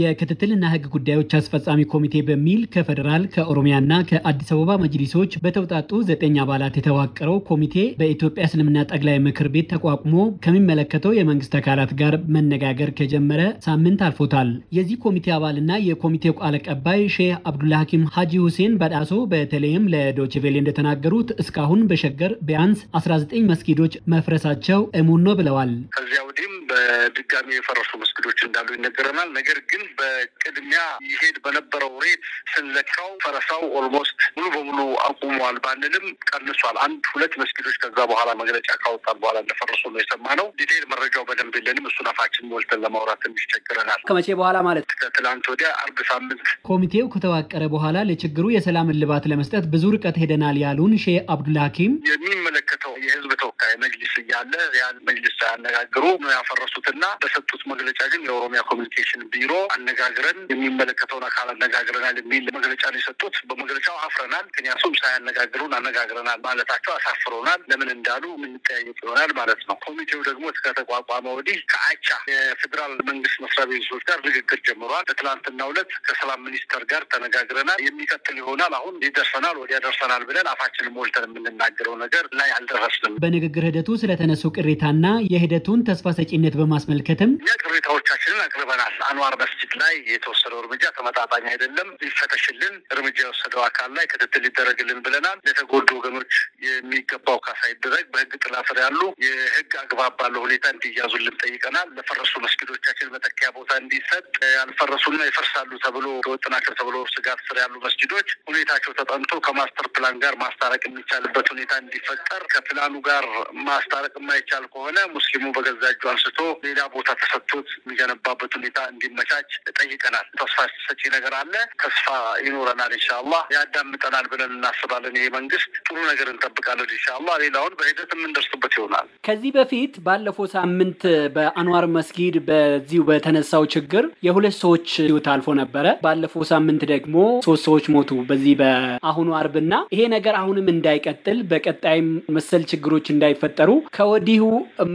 የክትትልና ሕግ ጉዳዮች አስፈጻሚ ኮሚቴ በሚል ከፌዴራል ከኦሮሚያና ከአዲስ አበባ መጅሊሶች በተውጣጡ ዘጠኝ አባላት የተዋቀረው ኮሚቴ በኢትዮጵያ እስልምና ጠቅላይ ምክር ቤት ተቋቁሞ ከሚመለከተው የመንግስት አካላት ጋር መነጋገር ከጀመረ ሳምንት አልፎታል። የዚህ ኮሚቴ አባልና የኮሚቴው ቃል አቀባይ ሼህ አብዱላ ሐኪም ሀጂ ሁሴን በዳሶ በተለይም ለዶችቬሌ እንደተናገሩት እስካሁን በሸገር ቢያንስ 19 መስጊዶች መፍረሳቸው እሙን ነው ብለዋል። ከዚያ ወዲህም በድጋሚ የፈረሱ መስጊዶች እንዳሉ ይነገረናል። ነገር ግን በቅድሚያ ይሄድ በነበረው ሬት ስንለካው ፈረሳው ኦልሞስት ሙሉ በሙሉ አቁሟል ባንልም ቀንሷል። አንድ ሁለት መስጊዶች ከዛ በኋላ መግለጫ ካወጣን በኋላ እንደፈረሱ ነው የሰማነው። ዲቴል መረጃው በደንብ የለንም። እሱን አፋችን ሞልተን ለማውራት ይቸግረናል። ከመቼ በኋላ ማለት ከትላንት ወዲያ አርብ ሳምንት ኮሚቴው ከተዋቀረ በኋላ ለችግሩ የሰላም እልባት ለመስጠት ብዙ ርቀት ሄደናል ያሉን ሼህ አብዱል ሀኪም የሚመለ የህዝብ ተወካይ መጅሊስ እያለ ያን መጅሊስ ሳያነጋግሩ ነው ያፈረሱትና በሰጡት መግለጫ ግን የኦሮሚያ ኮሚኒኬሽን ቢሮ አነጋግረን የሚመለከተውን አካል አነጋግረናል የሚል መግለጫ ነው የሰጡት። በመግለጫው አፍረናል፣ ምክንያቱም ሳያነጋግሩን አነጋግረናል ማለታቸው አሳፍሮናል። ለምን እንዳሉ የምንጠያየቅ ይሆናል ማለት ነው። ኮሚቴው ደግሞ ከተቋቋመ ወዲህ ከአቻ የፌዴራል መንግስት መስሪያ ቤቶች ጋር ንግግር ጀምሯል በትላንትናው ዕለት ከሰላም ሚኒስተር ጋር ተነጋግረናል። የሚቀጥል ይሆናል። አሁን ይደርሰናል፣ ወዲያ ደርሰናል ብለን አፋችን ሞልተን የምንናገረው ነገር ላይ አልደረስንም። በንግግር ሂደቱ ስለተነሱ ቅሬታና የሂደቱን ተስፋ ሰጪነት በማስመልከትም እኛ ቅሬታዎቻችንን አቅርበናል። አንዋር መስጅድ ላይ የተወሰደው እርምጃ ተመጣጣኝ አይደለም፣ ይፈተሽልን፣ እርምጃ የወሰደው አካል ላይ ክትትል ሊደረግልን ብለናል። ለተጎዱ ወገኖች የሚገባው ካሳ ይደረግ፣ በህግ ጥላ ስር ያሉ የህግ አግባብ ባለው ሁኔታ እንዲያዙልን ጠይቀናል። ለፈረሱ መስጊዶቻችን መተኪያ መስበኪያ ቦታ እንዲሰጥ ያልፈረሱና ይፈርሳሉ ተብሎ ወጥ ናቸው ተብሎ ስጋት ስር ያሉ መስጅዶች ሁኔታቸው ተጠንቶ ከማስተር ፕላን ጋር ማስታረቅ የሚቻልበት ሁኔታ እንዲፈጠር ከፕላኑ ጋር ማስታረቅ የማይቻል ከሆነ ሙስሊሙ በገዛ እጁ አንስቶ ሌላ ቦታ ተሰጥቶት የሚገነባበት ሁኔታ እንዲመቻች ጠይቀናል። ተስፋ ሰጪ ነገር አለ። ተስፋ ይኖረናል። ኢንሻአላህ ያዳምጠናል ብለን እናስባለን። ይሄ መንግስት ጥሩ ነገር እንጠብቃለን። ኢንሻአላህ ሌላውን በሂደት የምንደርስበት ይሆናል። ከዚህ በፊት ባለፈው ሳምንት በአንዋር መስጊድ በዚሁ በተነሳው ችግር የሁለት ሰዎች ህይወት አልፎ ነበረ። ባለፈው ሳምንት ደግሞ ሶስት ሰዎች ሞቱ በዚህ በአሁኑ አርብና ይሄ ነገር አሁንም እንዳይቀጥል በቀጣይም መሰል ችግሮች እንዳይፈጠሩ ከወዲሁ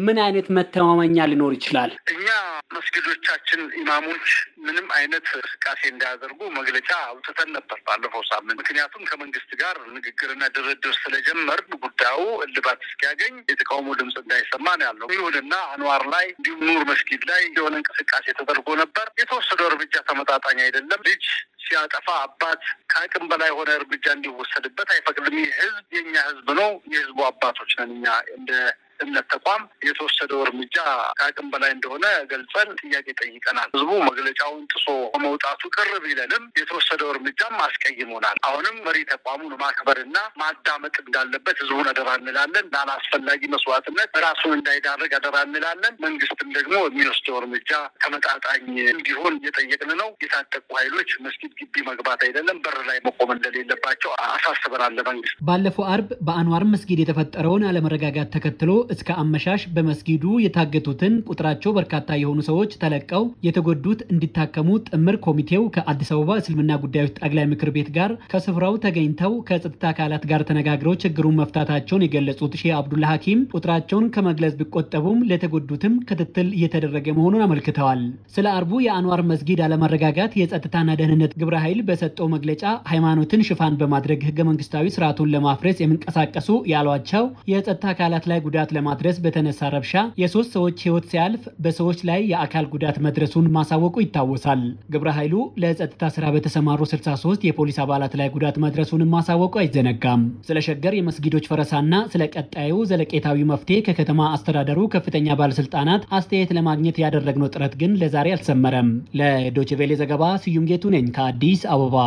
ምን አይነት መተማመኛ ሊኖር ይችላል? እኛ መስጊዶቻችን ኢማሞች ምንም አይነት እንቅስቃሴ እንዳያደርጉ መግለጫ አውጥተን ነበር ባለፈው ሳምንት። ምክንያቱም ከመንግስት ጋር ንግግርና ድርድር ስለጀመር ጉዳዩ እልባት እስኪያገኝ የተቃውሞ ድምፅ እንዳይሰማ ነው ያለው። ይሁንና አንዋር ላይ እንዲሁም ኑር መስጊድ ላይ የሆነ እንቅስቃሴ ተደርጎ ነበር። የተወሰደው እርምጃ ተመጣጣኝ አይደለም። ልጅ ሲያጠፋ አባት ከአቅም በላይ የሆነ እርምጃ እንዲወሰድበት አይፈቅድም። ይህ ህዝብ የኛ ህዝብ ነው። የህዝቡ አባቶች ነን እኛ እንደ እምነት ተቋም የተወሰደው እርምጃ ከአቅም በላይ እንደሆነ ገልጸን ጥያቄ ጠይቀናል። ህዝቡ መግለጫውን ጥሶ መውጣቱ ቅር ቢለንም የተወሰደው እርምጃም አስቀይሞናል። አሁንም መሪ ተቋሙን ማክበርና ማዳመጥ እንዳለበት ህዝቡን አደራ እንላለን። ላላስፈላጊ መስዋዕትነት ራሱን እንዳይዳረግ አደራ እንላለን። መንግስትም ደግሞ የሚወስደው እርምጃ ተመጣጣኝ እንዲሆን እየጠየቅን ነው። የታጠቁ ኃይሎች መስጊድ ግቢ መግባት አይደለም በር ላይ መቆም እንደሌለባቸው አሳስበናል። ለመንግስት ባለፈው አርብ በአንዋር መስጊድ የተፈጠረውን አለመረጋጋት ተከትሎ እስከ አመሻሽ በመስጊዱ የታገቱትን ቁጥራቸው በርካታ የሆኑ ሰዎች ተለቀው የተጎዱት እንዲታከሙ ጥምር ኮሚቴው ከአዲስ አበባ እስልምና ጉዳዮች ጠቅላይ ምክር ቤት ጋር ከስፍራው ተገኝተው ከጸጥታ አካላት ጋር ተነጋግረው ችግሩን መፍታታቸውን የገለጹት ሼህ አብዱላ ሐኪም ቁጥራቸውን ከመግለጽ ቢቆጠቡም ለተጎዱትም ክትትል እየተደረገ መሆኑን አመልክተዋል። ስለ አርቡ የአንዋር መስጊድ አለመረጋጋት የጸጥታና ደህንነት ግብረ ኃይል በሰጠው መግለጫ ሃይማኖትን ሽፋን በማድረግ ህገ መንግስታዊ ስርዓቱን ለማፍረስ የሚንቀሳቀሱ ያሏቸው የጸጥታ አካላት ላይ ጉዳት ለማድረስ በተነሳ ረብሻ የሶስት ሰዎች ህይወት ሲያልፍ በሰዎች ላይ የአካል ጉዳት መድረሱን ማሳወቁ ይታወሳል። ግብረ ኃይሉ ለጸጥታ ስራ በተሰማሩ 63 የፖሊስ አባላት ላይ ጉዳት መድረሱን ማሳወቁ አይዘነጋም። ስለ ሸገር የመስጊዶች ፈረሳና ስለ ቀጣዩ ዘለቄታዊ መፍትሄ ከከተማ አስተዳደሩ ከፍተኛ ባለስልጣናት አስተያየት ለማግኘት ያደረግነው ጥረት ግን ለዛሬ አልሰመረም። ለዶችቬሌ ዘገባ ስዩም ጌቱ ነኝ ከአዲስ አበባ።